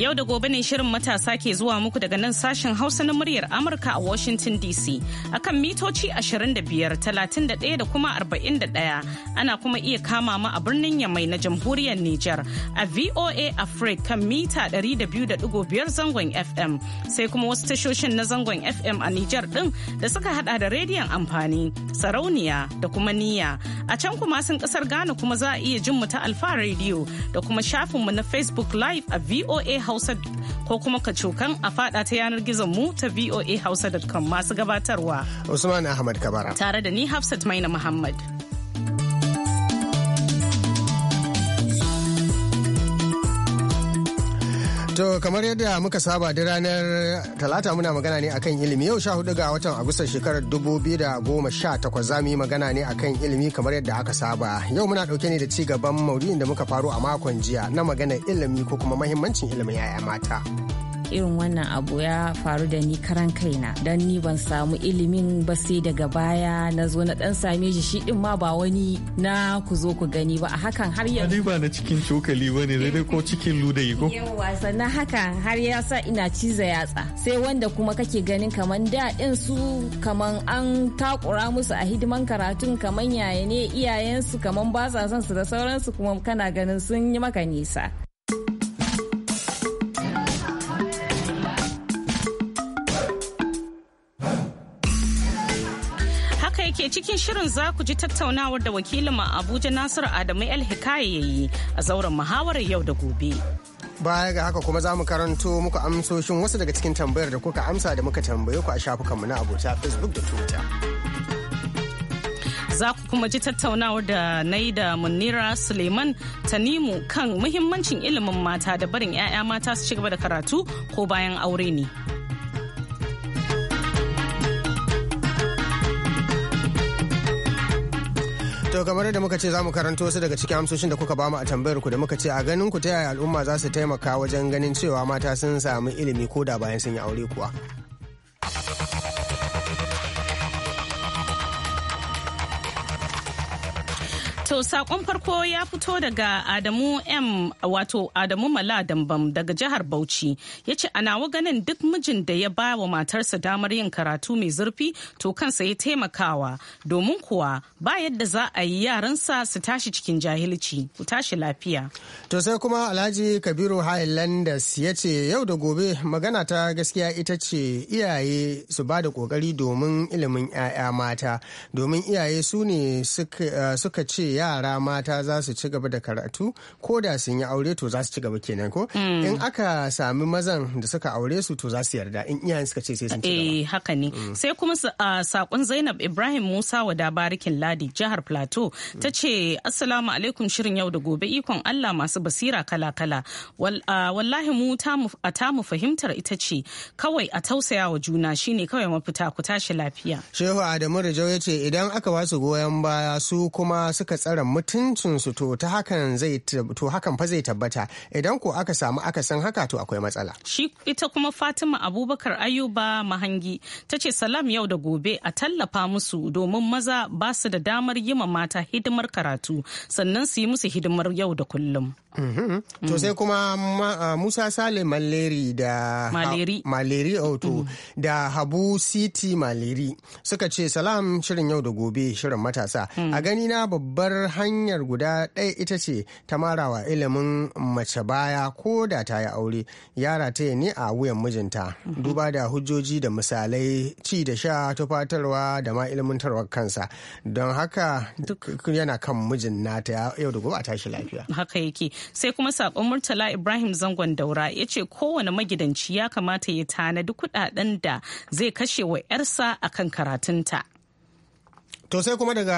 Yau da gobe ne shirin matasa ke zuwa muku daga nan sashen Hausa na muryar Amurka a Washington DC akan mitoci 25, 31 da kuma 41. Ana kuma iya kama mu a birnin Yamai na jamhuriyar Nijar a VOA Africa kan mita 200.5 zangon FM sai kuma wasu tashoshin na zangon FM a Nijar din da suka hada da rediyon amfani, sarauniya da kuma niya A can kuma sun kasar Ghana kuma za a iya jin mu ta Alfa Radio da kuma shafinmu na Facebook Live a VOA hausa ko kuma ka cokan a fada ta yanar gizon mu ta voa hausa.com masu gabatarwa. Usman Ahmad Kabara. Tare da ni Hafsat Maina Muhammad. To kamar yadda muka saba da ranar talata muna magana ne akan ilimi yau sha hudu ga watan Agustan shekarar dubu biyu da goma sha takwas za mu yi magana ne akan ilimi kamar yadda aka saba. Yau muna dauke ne da ci gaban maudu'in da muka faru a makon jiya na magana ilimi ko kuma mahimmancin ilimin 'ya'ya mata. irin wannan abu ya faru da ni karan kaina don ni ban samu ilimin ba sai daga baya na zo na dan same shi shi din ma ba wani na ku zo ku gani ba a hakan har yanzu ba na cikin cokali ba ne dai ko cikin luda yi ko yawa sannan hakan har ya sa ina ciza yatsa sai wanda kuma kake ganin kaman da din su kaman an takura musu a hidiman karatun kaman yaya ne iyayensu kaman ba sa son su da sauransu kuma kana ganin sun yi maka nisa ke cikin shirin za ku ji tattaunawar da wakilin Abuja Nasiru Adamu El Hikaye yayi a zauren muhawarar yau da gobe. Baya ga haka kuma za mu karanto muku amsoshin wasu daga cikin tambayar da kuka amsa da muka tambaye ku a shafukanmu na abota Facebook da Twitter. Za ku kuma ji tattaunawar da na yi da Munira Suleiman Tanimu kan muhimmancin ilimin mata da barin 'ya'ya mata su ci gaba da karatu ko bayan aure ne. to kamar da muka ce za mu karanto wasu daga cikin amsoshin da kuka bamu a tambayar ku da muka ce a ganin ku ta yaya al'umma za su taimaka wajen ganin cewa mata sun samu ilimi ko da bayan sun yi aure kuwa. To saƙon farko ya fito daga Adamu M wato Adamu Mala Dambam daga jihar Bauchi ya ce a nawa ganin duk mijin da ya ba wa matarsa damar yin karatu mai zurfi to kansa ya taimakawa domin kuwa ba yadda za a yi yaransa su tashi cikin jahilci ku tashi lafiya. To sai kuma Alhaji Kabiru Highlanders ya ce yau da gobe magana ta gaskiya ita ce iyaye su ba da kokari domin ilimin 'ya'ya mata domin iyaye su ne suka ce yara mata za su ci gaba da karatu ko da sun yi aure to za su ci gaba kenan ko mm. in aka sami mazan da suka aure su to za su yarda in iyayen suka ce sai sun ci gaba eh, haka ne mm. sai kuma ah, sakon Zainab Ibrahim Musa wa Barikin Ladi jihar Plateau ta mm. ce assalamu alaikum shirin yau da gobe ikon Allah masu basira kala kala ah, wallahi mu a mu fahimtar ita ce kawai a tausaya wa juna shine kawai mafita ku tashi lafiya shehu Adamu Rajau ya ce idan aka wasu goyon baya su kuma suka tsaya tsare mutuncinsu to hakan fa zai tabbata idan ko aka samu aka san haka to akwai matsala. Shi ita kuma Fatima Abubakar Ayuba Mahangi ta ce salam yau da gobe a tallafa musu domin maza ba su da damar yi ma mata hidimar karatu sannan su yi musu hidimar yau da kullum. Mm-hmm. To mm. sai kuma Musa Sale Maleri da Maleri Auto oh, mm-hmm. da Habu City Maleri suka ce salam shirin yau da gobe shirin matasa mm. a gani na babbar war hanyar guda ɗaya ita ce ta marawa ilimin mace baya ko da ta yi aure yara ta ne a wuyan mijinta duba da hujjoji da misalai ci da sha tufatarwa da ma ilmantarwar kansa don haka duk yana kan mijin nata yau da gobe a tashi lafiya haka yake sai kuma sakon murtala ibrahim zangon daura ya ce kowane magidanci ya kamata ya tanadi kuɗaɗen da zai kashe wa 'yarsa akan karatunta To sai kuma daga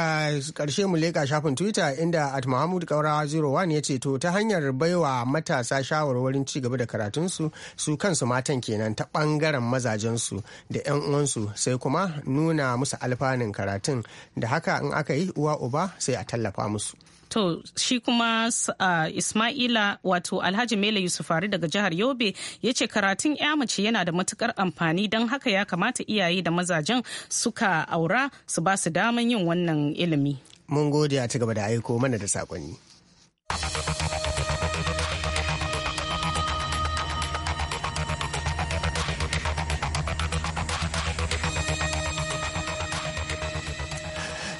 karshe mu leka shafin Twitter inda at Muhammadu Kaura 01 ya ce to ta hanyar baiwa matasa shawarwarin ci gaba da karatunsu su kansu matan kenan ta ɓangaren mazajensu da 'yan uwansu sai kuma nuna musu alfanun karatun da haka in aka yi uwa uba sai a tallafa musu. To shi kuma uh, Ismaila wato Alhaji Mele Yusufari daga jihar Yobe ya ce karatun ya mace yana da matukar amfani don haka ya kamata iyaye da mazajen suka aura su ba su daman yin wannan ilimi. Mun gode a ci gaba da aiko mana da saƙonni.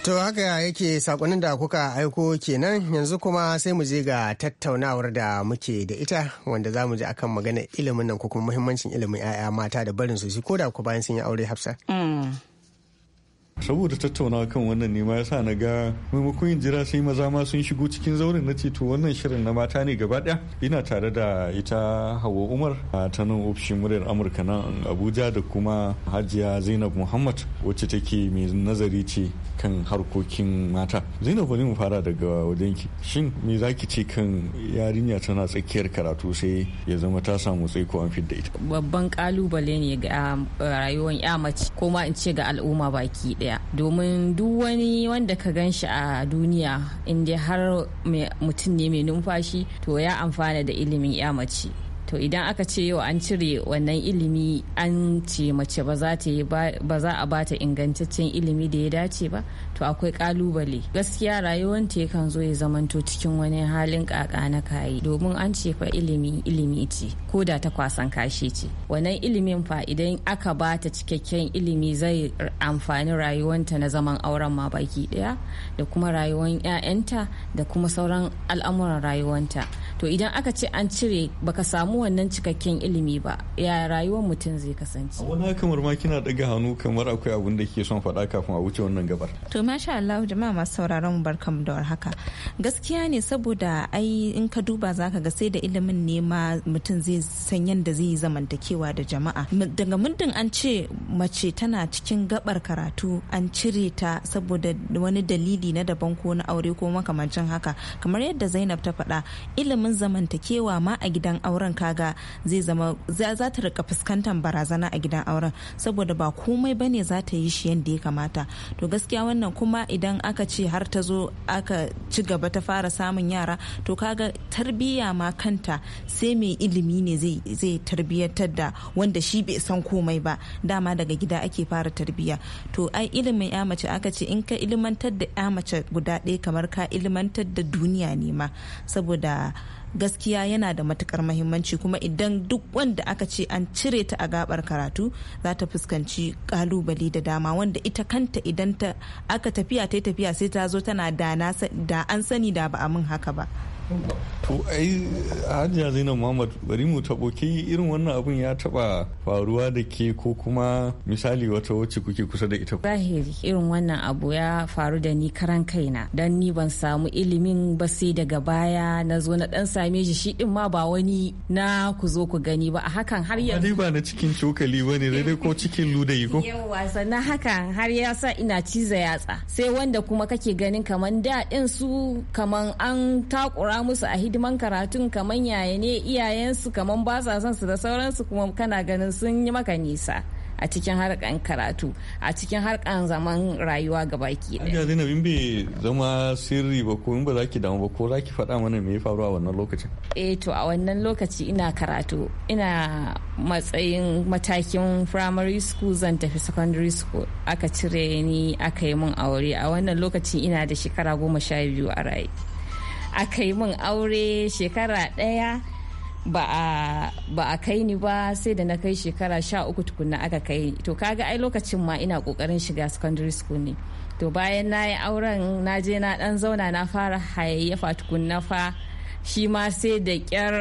To haka yake sakonin da kuka aiko kenan yanzu kuma sai mu je ga tattaunawar da muke da ita wanda za mu ji akan magana ilimin nan ko kuma muhimmancin ilimin 'ya'ya mata da barin su ko da ku bayan sun yi aure hafsa. Mm. saboda tattaunawa kan wannan ne ma yasa na ga maimakon yin jira sai maza ma sun shigo cikin zauren na to wannan shirin na mata ne gaba daya ina tare da ita hawa umar a ta nan ofishin muryar amurka nan abuja da kuma hajiya zainab muhammad wacce take mai nazari ce kan harkokin mata zainab bari mu fara daga wajenki shin me za ki ce kan yarinya tana tsakiyar karatu sai ya zama ta samu tsaiko an fidda ita babban kalubale ne ga um, rayuwar ya mace ko ma in ce ga al'umma baki daya domin duk wani wanda ka gan shi a duniya inda har mutum ne mai numfashi to ya amfana da ilimin ya mace to idan aka ce yau an cire wannan ilimi an ce mace ba za a bata ingantaccen ilimi da ya dace ba to akwai kalubale gaskiya ta yakan zo ya zamanto cikin wani halin kaka na kayi domin an ce fa ilimi ilimi ce ko da ta kwasan kashi ce wannan ilimin fa idan aka bata cikakken ilimi zai amfani rayuwarta na zaman auren ma baki daya da kuma rayuwar ƴaƴanta da kuma sauran al'amuran rayuwarta to idan aka ce an cire baka samu wannan cikakken ilimi ba ya rayuwar mutum zai kasance wani haka marma kina daga hannu kamar akwai abun da ke son faɗa kafin a wuce wannan gabar to masha Allah jama'a masu sauraron barkamu da warhaka gaskiya ne saboda ai in ka duba zaka ga sai da ilimin ne ma mutum zai san yanda zai zamantakewa da jama'a daga muddin an ce mace tana cikin gabar karatu an cire ta saboda wani dalili na daban ko na aure ko makamancin haka kamar yadda Zainab ta faɗa ilimin zamantakewa ma a gidan auren ka ga zai zama za ta rika fuskantar barazana a gidan auren saboda ba komai bane za ta yi shi yadda ya kamata to gaskiya wannan kuma idan aka ce har ta zo aka ci gaba ta fara samun yara to kaga tarbiyya ma kanta sai mai ilimi ne zai tarbiyyantar da wanda shi bai san komai ba dama daga gida ake fara tarbiyya to ai ilimin ya mace aka ce in ka ilimantar da ya mace guda ɗaya kamar ka ilimantar da duniya ne ma saboda gaskiya yana da matukar mahimmanci kuma idan duk wanda aka ce an cire ta a gabar karatu za ta fuskanci kalubale da dama wanda ita kanta idan aka tafiya ta tafiya sai ta zo tana da an sani da ba a mun haka ba to ai hajiya zainab muhammad bari mu tabo ke irin wannan abun ya taba faruwa da ke ko kuma misali wata wacce kuke kusa da ita zahiri irin wannan abu ya faru da ni karan kaina dan ni ban samu ilimin ba sai daga baya na zo na dan same shi shi din ma ba wani na ku zo ku gani ba a hakan har yanzu ba na cikin cokali ba ne dai ko cikin ludayi ko yawa sannan hakan har ya sa ina ciza yatsa sai wanda kuma kake ganin kaman da din su kaman an takura musu a hidiman karatun kamar yaya ne iyayensu kamar ba sa son su da sauransu kuma kana ganin sun yi maka nisa a cikin harkan karatu a cikin harkan zaman rayuwa ga baki ɗaya. Ajiyar Zainab bai zama sirri ba ko in ba za ki damu ba ko za ki faɗa mana me ya faru a wannan lokacin? Eh to a wannan lokaci ina karatu ina matsayin matakin primary school zan tafi secondary school aka cire ni aka yi min aure a wannan lokaci ina da shekara goma sha biyu a raye. aka yi min aure shekara ɗaya ba a kai ni ba sai da na kai shekara sha uku tukunna aka kai to kaga ai lokacin ma ina kokarin shiga secondary school ne to bayan na yi auren na je na ɗan zauna na fara hayayyafa tukunna fa shi ma sai da kyar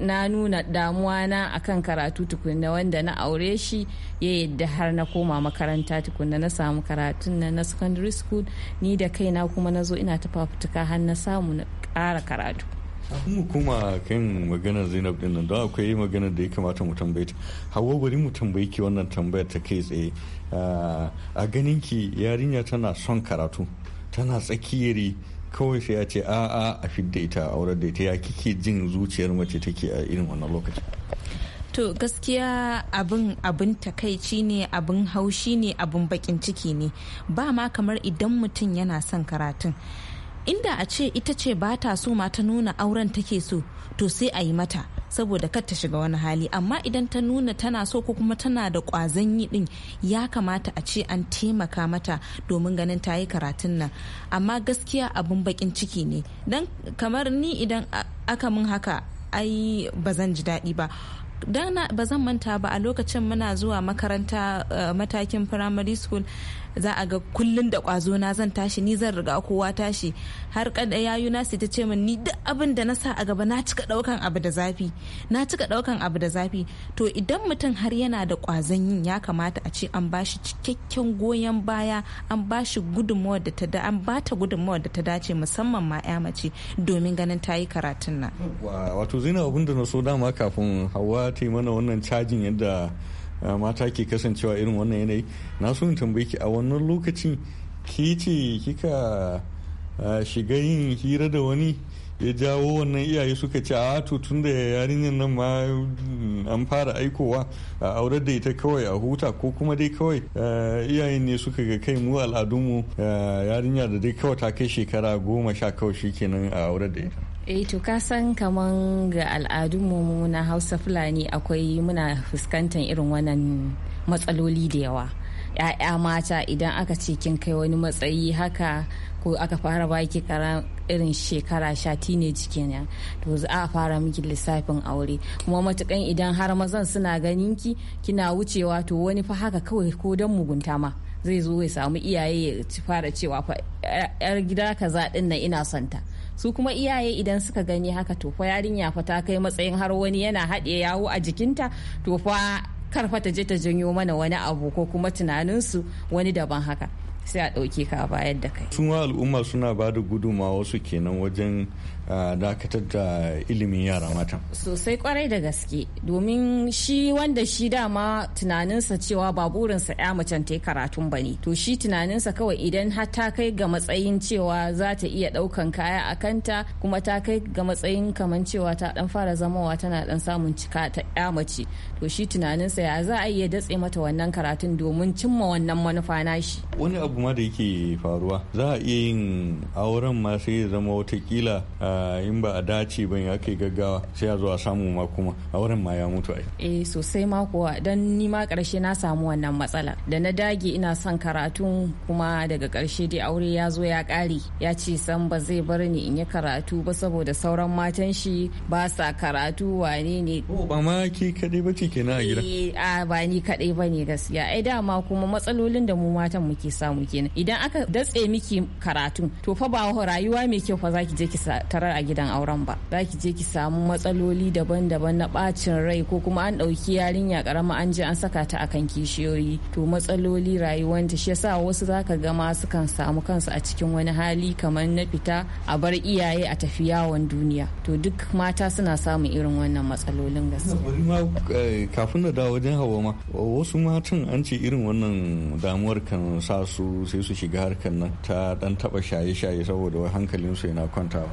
na nuna damuwa na akan karatu tukunna wanda na aure shi ya yadda har na koma makaranta tukunna na samu karatun na na secondary school ni da kaina kuma na zo ina ta fafutuka har na samu na ƙara karatu mu kuma kan maganar zainab din nan don akwai maganar da ya kamata mu tambaye ta hawa bari mu tambayi ki wannan tambayar ta kai tsaye ah, a ganin ki yarinya tana son karatu tana tsakiyar kawai sai ya ce a'a a fidda ita a aurar da ita ya kike jin zuciyar mace take a irin wannan lokacin to gaskiya abin abin takaici ne abin haushi ne abin bakin ciki ne ba ma kamar idan mutum yana son karatun inda a ce ita ce ba ta so ma ta nuna auren take so to sai a yi mata saboda kar ta shiga wani hali amma idan ta nuna tana so ko kuma tana da kwazon yi din ya kamata a ce an taimaka mata domin ganin ta yi karatun nan amma gaskiya abin bakin ciki ne dan kamar ni idan aka mun haka ai ba zan ji daɗi ba dan ba zan manta ba a lokacin muna zuwa makaranta eh, matakin primary school za a ga kullum da kwazo na zan tashi ni zan riga kowa tashi har kada yayu na ta ce min ni duk abin da na sa a gaba na cika daukan abu da zafi na cika daukan abu da zafi to idan mutum har yana da kwazon yin ya kamata a ce an bashi cikakken goyon baya an bashi gudunmawar da ta da an bata gudunmawar da ta dace musamman ma ya mace domin ganin tayi karatun nan wato zina abin da na so dama kafin hawa ta yi mana wannan cajin yadda Eh, mata ke kasancewa irin wannan yanayi na so in tambaye ki a wannan lokacin ki ce kika eh, shiga yin hira da wani ya jawo wannan iyaye suka ce a to tun da yarinyar nan ma mm, an fara aikowa a aurar da ita kawai a huta ko kuma dai kawai eh, iyayen ne suka ga kai mu al'adunmu yarinya da dai kawai ta kai shekara goma sha kawai kenan a aurar da ita e to ka san kaman ga al'adunmu na hausa fulani akwai muna fuskantar irin wannan matsaloli da yawa ya'ya mata idan aka ce kin kai wani matsayi haka ko aka fara baki kara irin shekara sha teenage kenan to za a fara miki lissafin aure kuma matukan idan har mazan suna ganin ki kina wucewa to wani fa haka kawai ko don mugunta ma zai zo ya samu iyaye ya fara cewa fa yar gida kaza zaɗin na ina santa su kuma iyaye idan suka gani haka to fa yarinya fa ta kai matsayin har wani yana haɗe yawo a jikinta to fa karfa ta je ta janyo mana wani abu ko kuma tunaninsu wani daban haka sai a ɗauke ka bayar da kai. Sun al'umma suna ba da gudunmawa su kenan wajen dakatar da ilimin yara mata sosai kwarai da gaske domin shi wanda shi dama tunaninsa cewa ba burinsa ya macen ta karatun ba ne to shi tunaninsa kawai idan har ta kai ga matsayin cewa za ta iya daukan kaya a kanta kuma ta kai ga matsayin kamar cewa ta dan fara zamawa tana dan samun cika ta ya mace to shi tunaninsa ya za a iya datse mata wannan karatun domin cimma wannan manufa nashi wani abu ma da yake faruwa za a iya yin auren ma sai zama watakila in ba a dace ba ya kai gaggawa sai a zo a samu ma kuma a wurin ma ya mutu ai eh sosai ma kuwa dan ni ma karshe na samu wannan matsala da na dage ina son karatu kuma daga karshe dai aure ya zo ya kare ya ce san ba zai bar ni in yi karatu ba saboda sauran matan shi ba sa karatu wane ne oh, ba ma ke kadai ba ce kenan a gida eh a ba ni kadai ba ne gaskiya ai dama kuma matsalolin da mu matan muke samu kenan idan aka datse miki karatu to fa ba rayuwa mai kyau fa zaki je ki tara bar a gidan auren ba za ki je ki samu matsaloli daban-daban na bacin rai ko kuma an ɗauki yarinya karama an je an saka ta akan kishiyoyi to matsaloli rayuwanta shi yasa wasu za ga ma sukan samu kansu a cikin wani hali kamar na fita a bar iyaye a tafi yawon duniya to duk mata suna samun irin wannan matsalolin gaske. Eh, kafin na dawo wajen hawa ma wasu matan an ce irin wannan damuwar kan sa su sai su shiga harkar nan ta dan taba shaye-shaye saboda hankalinsu yana kwantawa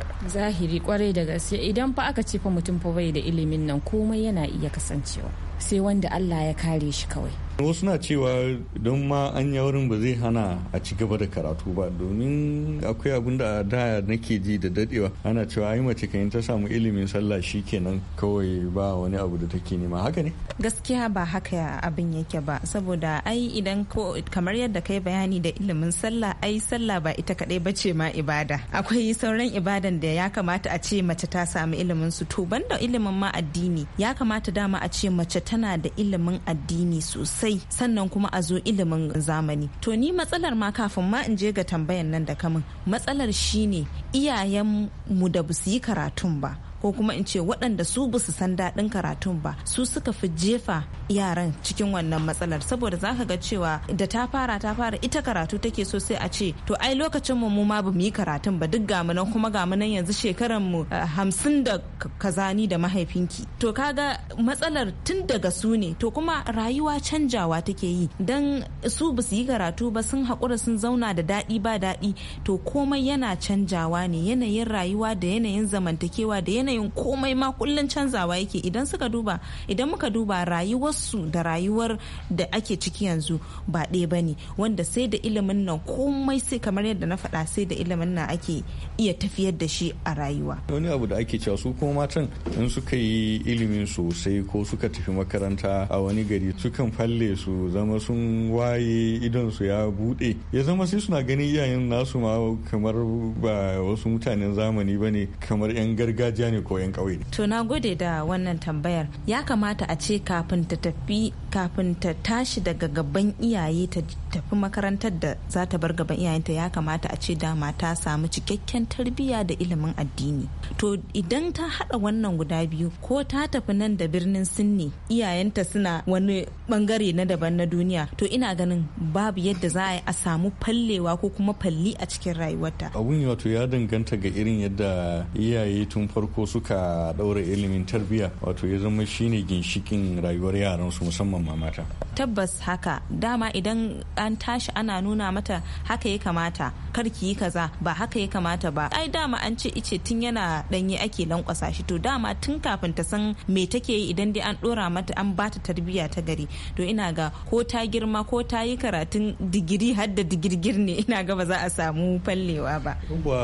zahiri kwarai da gaske idan fa aka ce fa mutum fa bai da ilimin nan komai yana iya kasancewa sai wanda Allah ya kare shi kawai. wasu na cewa don ma an wurin ba zai hana a ci gaba da karatu ba domin akwai abin da da nake ji da dadewa ana cewa ai mace kan ta samu ilimin sallah shi kenan kawai ba wani abu da take nema haka ne gaskiya ba haka abin yake ba saboda ai idan ko kamar yadda kai bayani da ilimin sallah ai sallah ba ita kadai bace ma ibada akwai sauran ibadan da ya kamata a ce mace ta samu ilimin su to banda ilimin ma addini ya kamata dama a ce mace tana da ilimin addini sosai sannan kuma a zo ilimin zamani to ni matsalar ma kafin ma in je ga tambayan nan da kamun matsalar shine iyayen mu da su yi karatun ba ko kuma in ce waɗanda su ba su san daɗin karatun ba su suka fi jefa yaran cikin wannan matsalar saboda zaka ga cewa da ta fara ta fara ita karatu take so sai a ce to ai lokacin mu ma ba yi karatun ba duk ga nan kuma ga nan yanzu shekaran mu eh, hamsin da kazani da mahaifinki to kaga matsalar tun daga su ne to kuma rayuwa canjawa take yi dan su ba su yi karatu ba sun haƙura sun zauna da daɗi ba daɗi to komai yana canjawa ne yanayin rayuwa da yanayin zamantakewa da yanayin komai ma kullun canzawa yake idan suka duba idan muka duba rayuwarsu da rayuwar da ake ciki yanzu ba ɗaya ne wanda sai da ilimin nan komai sai kamar yadda na faɗa sai da ilimin nan ake iya tafiyar da shi a rayuwa wani abu da ake cewa su kuma matan in suka yi ilimin sosai ko suka tafi makaranta a wani gari sukan falle su zama sun waye idon su ya bude ya zama sai suna ganin iyayen nasu ma kamar ba wasu mutanen zamani ba ne kamar yan gargajiya ne. ne ko yan ƙauye to na gode da wannan tambayar ya kamata a ce kafin ta tafi kafin ta tashi daga gaban iyaye ta tafi makarantar da za ta bar gaban iyayenta ya kamata a ce dama ta samu cikakken tarbiyya da ilimin addini to idan ta hada wannan guda biyu ko ta tafi nan da birnin sinni iyayenta suna wani bangare na daban na duniya to ina ganin babu yadda za a samu fallewa ko kuma falli a cikin rayuwarta abun wato ya danganta ga irin yadda iyaye tun farko suka daura ilimin tarbiyya wato ya zama shine ginshikin rayuwar yaransu musamman mata tabbas haka dama idan an tashi ana nuna mata haka ya kamata kar ki yi kaza ba haka ya kamata ba ai dama an ce ice tun yana danyi ake lankwasa shi to dama tun kafin ta san me take yi idan dai an dora mata an bata tarbiyya ta gari to ina ga ko ta girma ko ta yi karatun digiri har da digirgir ne ina ga ba za a samu fallewa ba ba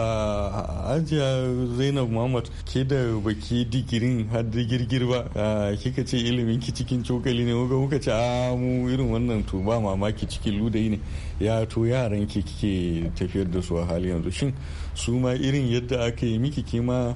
ajiya zainab muhammad ke da baki digirin har digirgir ba kika ce ilimin ki cikin cokali ne kuka ce a ah, mu irin wannan to ba mamaki cikin ludayi ne ya to yaran ke kike tafiyar da su a hali yanzu shin su ma irin yadda aka yi miki kima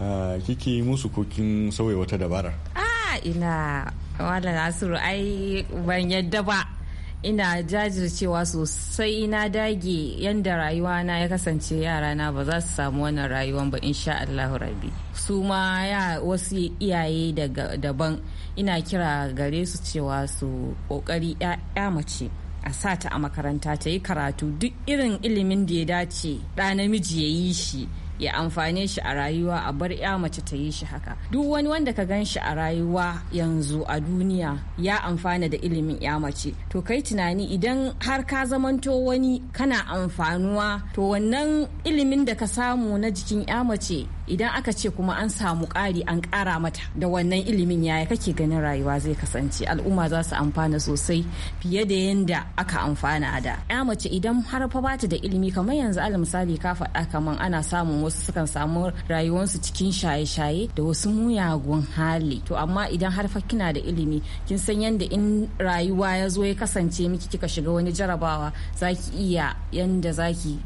ah, kike yi musu kokin sauya wata dabara a ah, ina wala nasiru ai ban yadda ba ina jajircewa sosai na dage yadda rayuwa na ya kasance yarana na ba za su samu wannan rayuwan ba insha Allah rabi su ma ya wasu iyaye daban ina kira gare su cewa su kokari ya mace a sa ta a makaranta ta yi karatu duk irin ilimin da ya dace ɗa namiji ya yi shi ya amfane shi a rayuwa a bar ya mace ta yi shi haka duk wani wanda ka gan shi a rayuwa yanzu a duniya ya amfana da ilimin ya mace to kai tunani idan har ka zamanto wani kana amfanuwa to wannan ilimin da ka samu na jikin ya mace idan aka ce kuma an samu ƙari an ƙara mata da wannan ilimin yaya kake ganin rayuwa zai kasance al'umma za su amfana sosai fiye da yadda aka amfana da ya mace idan har fa bata da ilimi kamar yanzu alal misali ka faɗa kaman ana samun wasu sukan samu rayuwarsu cikin shaye-shaye da wasu muyagun hali to amma idan har fa kina da ilimi kin san yadda in rayuwa ya zo ya kasance miki kika shiga wani jarabawa zaki iya yanda zaki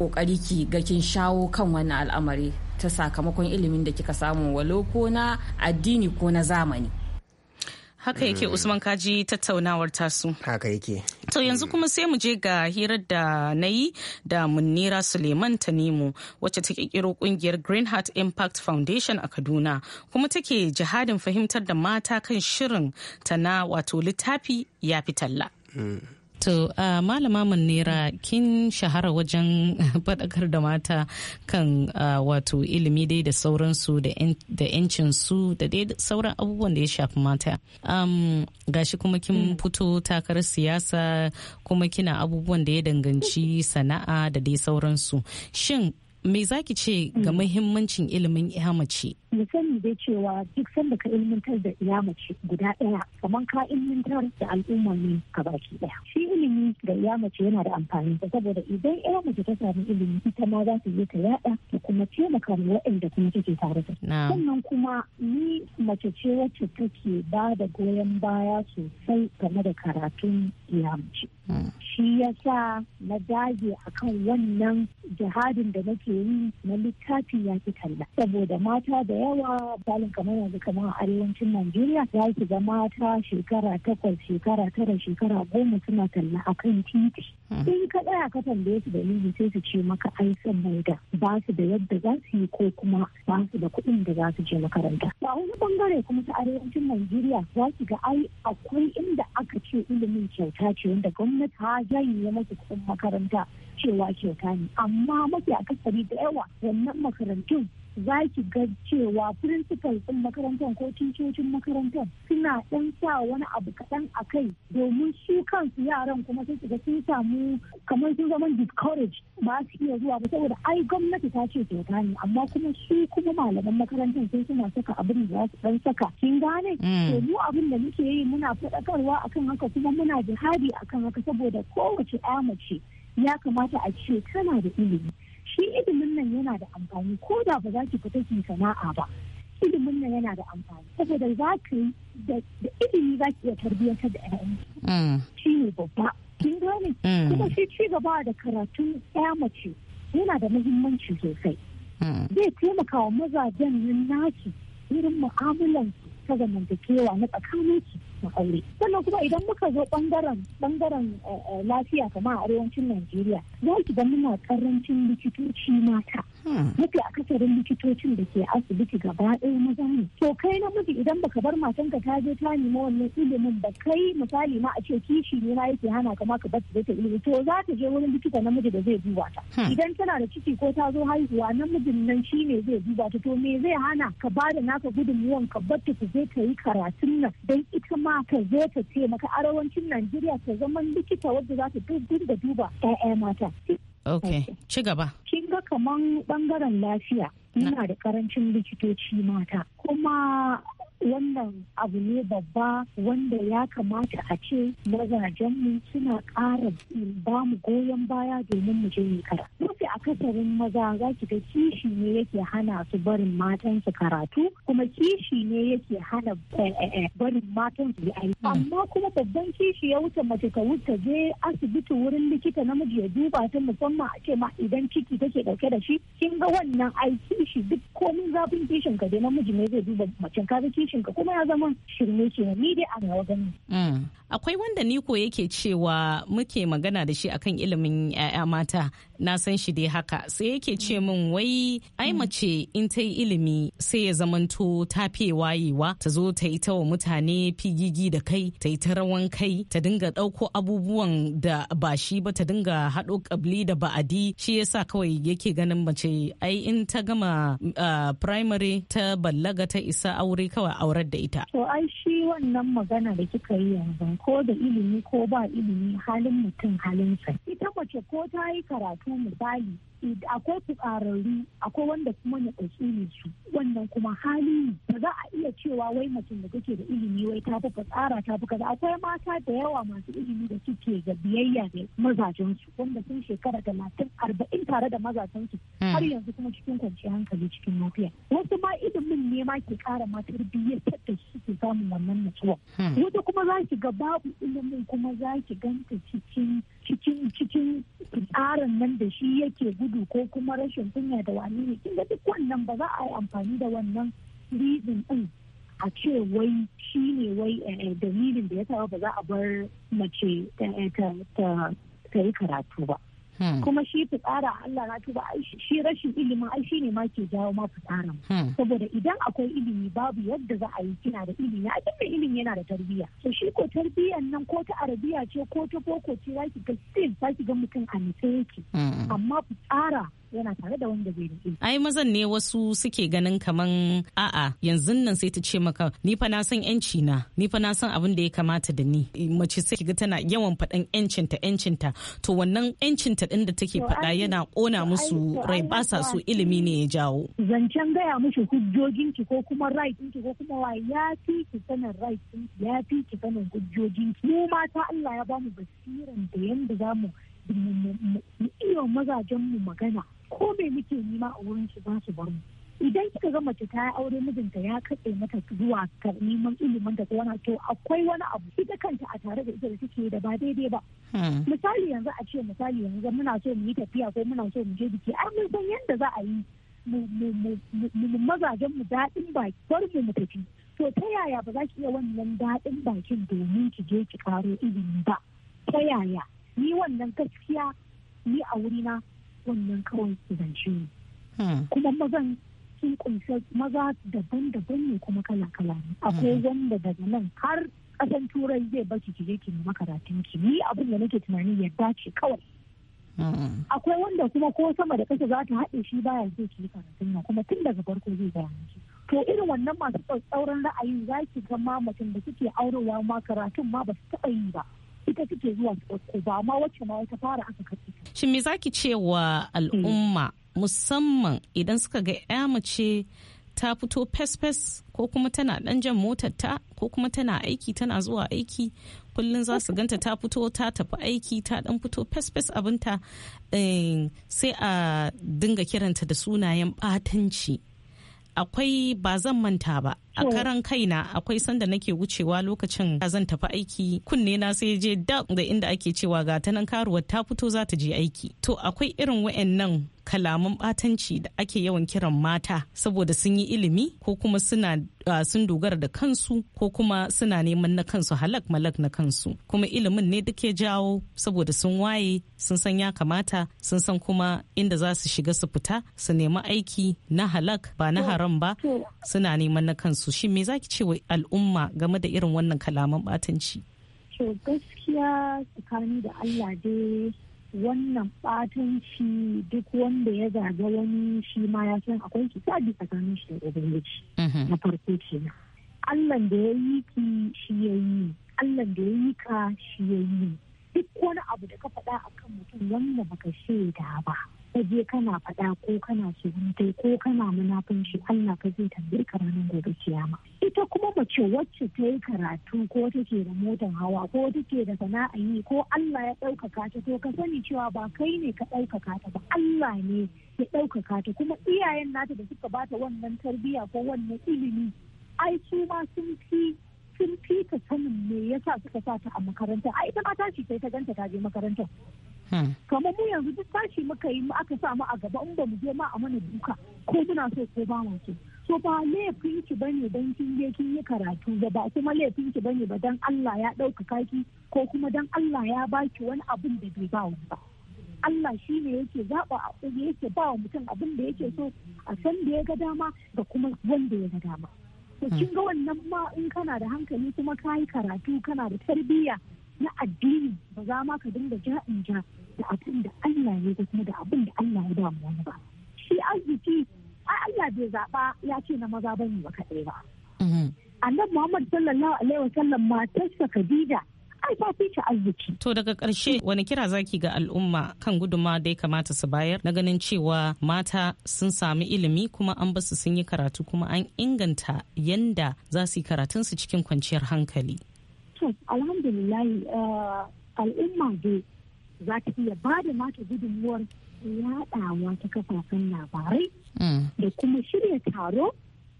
kokari eh, ki ga kin shawo kan wannan al'amari ta sakamakon ilimin da kika samu walau ko na addini ko na zamani haka yake hmm. usman kaji tattaunawar tasu haka yake to yanzu kuma sai mu je ga hirar da na yi da munira suleiman ta nemo wacce ta kirkiro kungiyar green heart impact foundation a kaduna kuma take jihadin fahimtar da mata kan shirin ta na wato littafi ya fi talla mm. To uh, malama nera kin shahara wajen faɗakar da mata kan uh, wato ilimi dai da sauransu da yancinsu da dai sauran abubuwan da ya shafi mata. Um, gashi kuma kin mm. fito takarar siyasa kuma kina abubuwan da ya danganci sana'a da dai sauransu. Shin me za ki ce ga hmm. muhimmancin ilimin ya mace mu sani dai cewa duk sanda ka ilmantar da iya mace guda ɗaya kamar ka ilmantar da al'umma ne ka baki ɗaya shi ilimi ga iya mace yana da amfani saboda idan iya mace ta samu ilimi ita ma za su yi ta yaɗa ta kuma taimaka ma waɗanda kuma take tare da sannan kuma ni mace ce wacce take ba da goyon baya sosai game da karatun iya mace shi ya sa na dage kan wannan jihadin da nake yi na littafi ya fi talla saboda mata da yawa misalin kamar yanzu kamar arewacin najeriya ya ki ga mata shekara takwas shekara tara shekara goma suna talla kan titi mm. in ka tsaya ka da su dalili sai su ce maka ai san da ba su da yadda za su yi ko kuma ba su da kuɗin da za su je makaranta ba wani bangare kuma ta arewacin najeriya za ki ga ai akwai inda aka ce ilimin kyauta ce wanda gwamnati gwamnati ha janye musu kuɗin makaranta cewa kyauta ne amma mafi akasari da yawa wannan makarantun za ki ga cewa principal ɗin makarantar ko tincocin makarantar suna ɗan sa wani abu kaɗan a kai domin su kansu yaran kuma sun shiga sun samu kamar sun zama discourage ba su iya zuwa ba saboda ai gwamnati ta ce kyauta ne amma kuma su kuma malaman makarantar sun suna saka abin da za su ɗan saka kin gane mm. to mu abin da muke yi muna faɗakarwa akan haka kuma muna jihadi akan haka saboda kowace ƴa mace ya kamata a ce kana da ilimi shi ilimin nan yana da amfani ko da ba za ki fita ki sana'a ba ilimin nan yana da amfani saboda za ka yi da ilimi za ki iya tarbiyyantar da ƴaƴan mm. shi ne babba kin gane mm. kuma shi ci gaba da karatun ƴa mace yana da muhimmanci sosai mm. zai taimaka wa mazajen nan naki irin mu'amalan ta zamantakewa na tsakanin ki na aure sannan kuma idan muka zo bangaren bangaren eh, eh, lafiya kamar a arewacin najeriya za ki ga muna karancin likitoci mata mafi kasarin likitocin da ke asibiti gaba ɗaya maza ne to kai namiji idan baka bar matanka ta je ta nemi wannan ilimin ba kai misali ma a ce kishi ne ma yake hana kama ka bar ta ilimi to za ta je wurin likita namiji da zai duba ta hmm. idan tana da ciki ko ta zo haihuwa namijin nan shi ne zai duba ta to me zai hana ka ba da naka gudunmuwan ka bar ta je ta yi karatun nan don ita ma ka zo ta ce maka arawancin Najeriya ta zama likita wadda za ta da duba 'ya'ya mata. ok ci gaba kin ga kaman bangaren lafiya yana da karancin likitoci mata kuma wannan abu ne babba wanda ya kamata a ce mazajenmu suna kara ba mu goyon baya domin mu je kara. Mafi akasarin maza za ki ga kishi ne yake hana su barin matan su karatu kuma kishi ne yake hana eh, eh, eh, barin matan su yi hmm. Amma kuma babban kishi ya wuce mace ta wuce je asibiti wurin likita namiji ya duba ta musamman a ce ma idan ciki take dauke da shi kin ga wannan ai kishi duk komin zafin kishin ka dai namiji ne zai duba mace ka kishi ka kuma ya zama shirme ke ni dai a nawa gani. Mm. Akwai wanda ni ko yake cewa muke magana da shi akan ilimin 'ya'ya mata na san shi dai haka sai yake ce min wai ai mm. mace in ta yi ilimi sai ya zamanto ta fiye wayewa ta zo ta yi ta wa mutane figigi da kai ta yi ta rawan kai ta dinga ɗauko abubuwan da ba shi ba ta dinga haɗo ƙabli da ba'adi shi yasa kawai yake ganin mace ai in ta gama ah, primary ta ballaga ta isa aure kawai aurar da ita. To ai shi wannan magana da kika yi yanzu ko da ilimi ko ba ilimi halin mutum halinsa. Ita mace ko ta yi karatu misali akwai tukararru akwai wanda kuma na ne su wannan kuma hali ne ba za a iya cewa wai mutum da take da ilimi wai ta fi tsara ta fi kaza akwai mata da yawa masu ilimi da suke ga biyayya da mazajensu wanda sun shekara talatin arba'in tare da mazajensu hmm. har yanzu kuma cikin kwanciyar hankali cikin lafiya wasu ma ilimin ne ma ke kara matar biyu. iya da shi ke samun wannan mutuwa. Hmm. Wata kuma za ki ga babu ilimin kuma za ki ganta cikin cikin cikin tsarin nan da shi yake gudu ko kuma rashin kunya da wani ne. Kin duk wannan ba za a yi amfani da wannan reason ɗin a ce wai shi ne wai eh, eh, dalilin da ya sa ba za a bar mace ta eh, yi karatu ba. Hmm. kuma shi fitsara Allah na tuba shi rashin ilimin ai shi ne ma ke jawo ma fitsara. Hmm. saboda idan akwai ilimi babu yadda za a yi kina da ilimi a cikin ilimi yana da tarbiyya to shi ko tarbiyyan nan ko ta arabiya ce ko ta boko ce za ki ga sin za ki ga mutum a nufin yake hmm. amma fitsara yana tare da wanda zai nufi. ai mazan ne wasu suke ganin kaman a'a yanzu nan sai ta ce maka ni fa na san yanci na ni fa na san abin da ya kamata da ni eh, mace sai ki ga tana yawan faɗan yancin ta to wannan yancin ta din da take faɗa yana kona musu rai ba sa su ilimi ne ya jawo zancen gaya mushi hujjojin ki ko kuma right ko kuma wa ya fi ki sanin ya fi ki sanin hujjojin mu mata Allah ya bamu basiran da yanda zamu mu iya mazajen mu magana ko me muke nema a wurin su ba su bar mu idan kika ga mace ta aure mijinta ya katse mata zuwa ka neman ilimin da wani to akwai wani abu ita kanta a tare da ita da take da ba daidai ba hmm. misali yanzu a ce misali yanzu muna so mu yi tafiya ko muna so mu je biki ai mun san yadda za a yi mu mazajen mu daɗin baki bar mu mu tafi to ta yaya ba za ki iya wannan daɗin bakin domin ki je ki karo ilimi ba ta yaya ni wannan gaskiya ni a wurina wannan kawai zance ne hmm. kuma mazan sun kunshi maza daban-daban ne kuma kala-kala ne akwai hmm. wanda daga nan har kasan turai zai baki ki je ki nemi karatun ki ni abin da nake tunani ya dace kawai hmm. akwai wanda kuma ko sama da ƙasa za ta haɗe shi baya zai ki karatun nan kuma tun daga farko zai gaya miki to irin wannan masu tsauran ra'ayin za ki ga mamacin da suke aurewa ma karatun ma ba su taɓa yi ba ita suke zuwa su ba ma wacce ma wata fara aka kashe Shin me zaki ce wa al'umma musamman idan suka ga ya mace ta fito fes-fes ko kuma tana ɗan jan motar ta ko kuma tana aiki tana zuwa aiki kullum za su ganta ta fito ta tafi aiki ta ɗan fito fes-fes abinta eh, sai a dinga kiranta da sunayen ɓatanci. akwai ba zan manta ba a karan kaina akwai sanda nake wucewa lokacin zan tafi aiki kunne na sai je da inda ake cewa ga ta nan karuwar ta fito za ta je aiki to akwai irin wayannan kalaman batanci da ake yawan kiran mata saboda sun yi ilimi ko kuma suna uh, sun dogara da kansu ko kuma suna neman na kansu halak malak na kansu kuma ilimin ne duk jawo saboda sun waye sun san ya kamata sun san kuma inda za su shiga su fita su nemi aiki na halak ba na haram ba suna neman na kansu shi me zaki ce wa al'umma game da irin wannan kalaman batanci gaskiya tsakani wannan batanci duk wanda ya zaga wani shi ma ya san akwai kitabi tsakanin shi da ubangiji mhm. na farko kenan allah da ya yi ki shi ya yi allan da ya yi ka shi ya yi duk wani abu da ka faɗa akan mutum wanda baka shaida ba ka je kana faɗa ko kana wani ko kana shi Allah ka zai tambaye ka ranar gobe kiyama ita kuma mace wacce ta yi karatu ko take da motar hawa ko take da sana'a yi ko Allah ya ɗaukaka ta to ka sani cewa ba kai ne ka ɗaukaka ta ba Allah ne ya ɗaukaka ta kuma iyayen nata da suka bata wannan tarbiyya ko wannan ilimi ai su ma sun fi sun fi ta sanin me yasa suka sa ta a makaranta ai ita ma ta ce sai ta ganta ta je makaranta. Hmm. kamar mu yanzu duk tashi muka yi mu aka samu a gaba in ba mu je ma a mana duka ko muna so ko ba mu so so ba laifin ki bane dan kin je kin yi karatu ba ba kuma laifin ki bane ba dan Allah ya ɗaukaka ki ko kuma dan Allah ya baki wani abun da bai ba wani ba Allah shi ne yake zaɓa a yake ba wa mutum abin da yake so a san da ya ga dama da kuma wanda ya ga dama. kin ga wannan ma in kana da hankali kuma ka yi karatu kana da tarbiyya na addini ba za ma ka dinga ja in ja da abin da Allah ya ga kuma da abin da Allah ya ba wani ba shi arziki a Allah bai zaɓa ya ce na maza bane ba kaɗai ba mhm. annabi Muhammad sallallahu alaihi matarsa Khadija ai ba fi arziki. To daga karshe wani kira zaki ga al'umma kan guduma da ya kamata su bayar na ganin cewa mata sun sami ilimi kuma an basu sun yi karatu kuma an inganta yanda za su yi karatun su cikin kwanciyar hankali. to alhamdulillahi uh, al'umma dai za ta iya ba da mata gudunmuwar yaɗawa ta kafafen labarai mm. da kuma shirya taro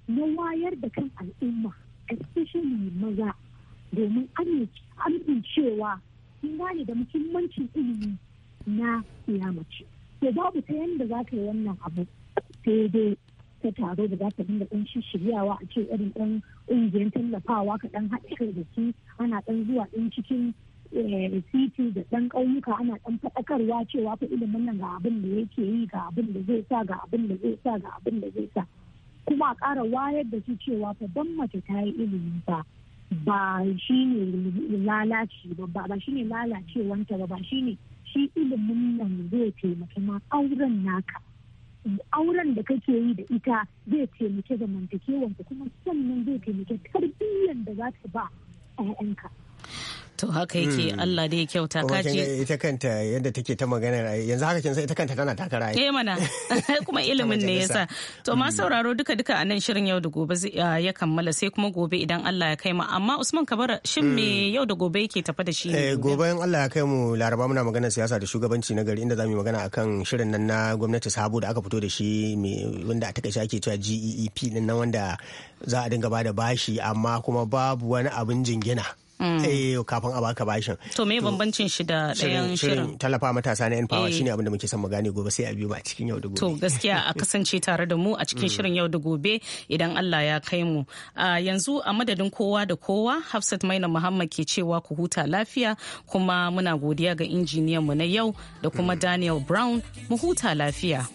na wayar da kan al'umma especially maza domin amincewa sun gane da muhimmancin ilimi na mace. to babu ta yadda za ka yi wannan abu sai dai ta taro da za ta dinga ɗan shiryawa a ce irin ɗan ƙungiyar tallafawa ka ɗan haɗe kai da su ana ɗan zuwa ɗin cikin eh, titi da ɗan ƙaunuka ana ɗan faɗakarwa cewa ko ilimin nan ga abin da yake yi ga abin da zai sa ga abin da zai sa ga abin da zai sa kuma a ƙara wayar da su cewa fa dan mace ta yi ilimi ba ba shi ne lalaci ba ba shi ne lalacewanta ba ba shi ne shi ilimin nan zai taimaki ma auren naka auren da kake yi da ita zai taimake zamantakewanka kuma sannan zai taimake tarbiyyar da za ta ba 'ya'yanka. to haka yake hmm. Allah da ya kyauta kaji ita kanta yadda take ta magana yanzu haka kin sai ita kanta tana takara eh mana kuma ilimin ne yasa to ma hmm. sauraro duka duka a nan shirin yau da gobe ah, ya kammala sai kuma gobe idan Allah ya kai mu amma Usman Kabara shin me hmm. yau da gobe yake tafa da shi eh gobe in Allah ya kai mu Laraba muna magana siyasa da shugabanci na gari inda zamu magana akan shirin nan na gwamnati sabo da aka fito da shi wanda a takaice ake cewa GEEP din nan wanda za a dinga bada bashi amma kuma babu wani abin jingina Mm. Eyo eh, kafin a baka bashin to me bambancin shi da ɗayan shirin tallafa matasa na yan fawa eh. shine abin da muke son mu gane gobe sai a biyu ba cikin yau da gobe to gaskiya a kasance tare da mu a cikin mm. shirin yau da gobe idan Allah ya kai mu yanzu a madadin kowa da kowa Hafsat Maina Muhammad ke cewa ku huta lafiya kuma muna godiya ga injiniyan mu na yau da kuma mm. Daniel Brown mu huta lafiya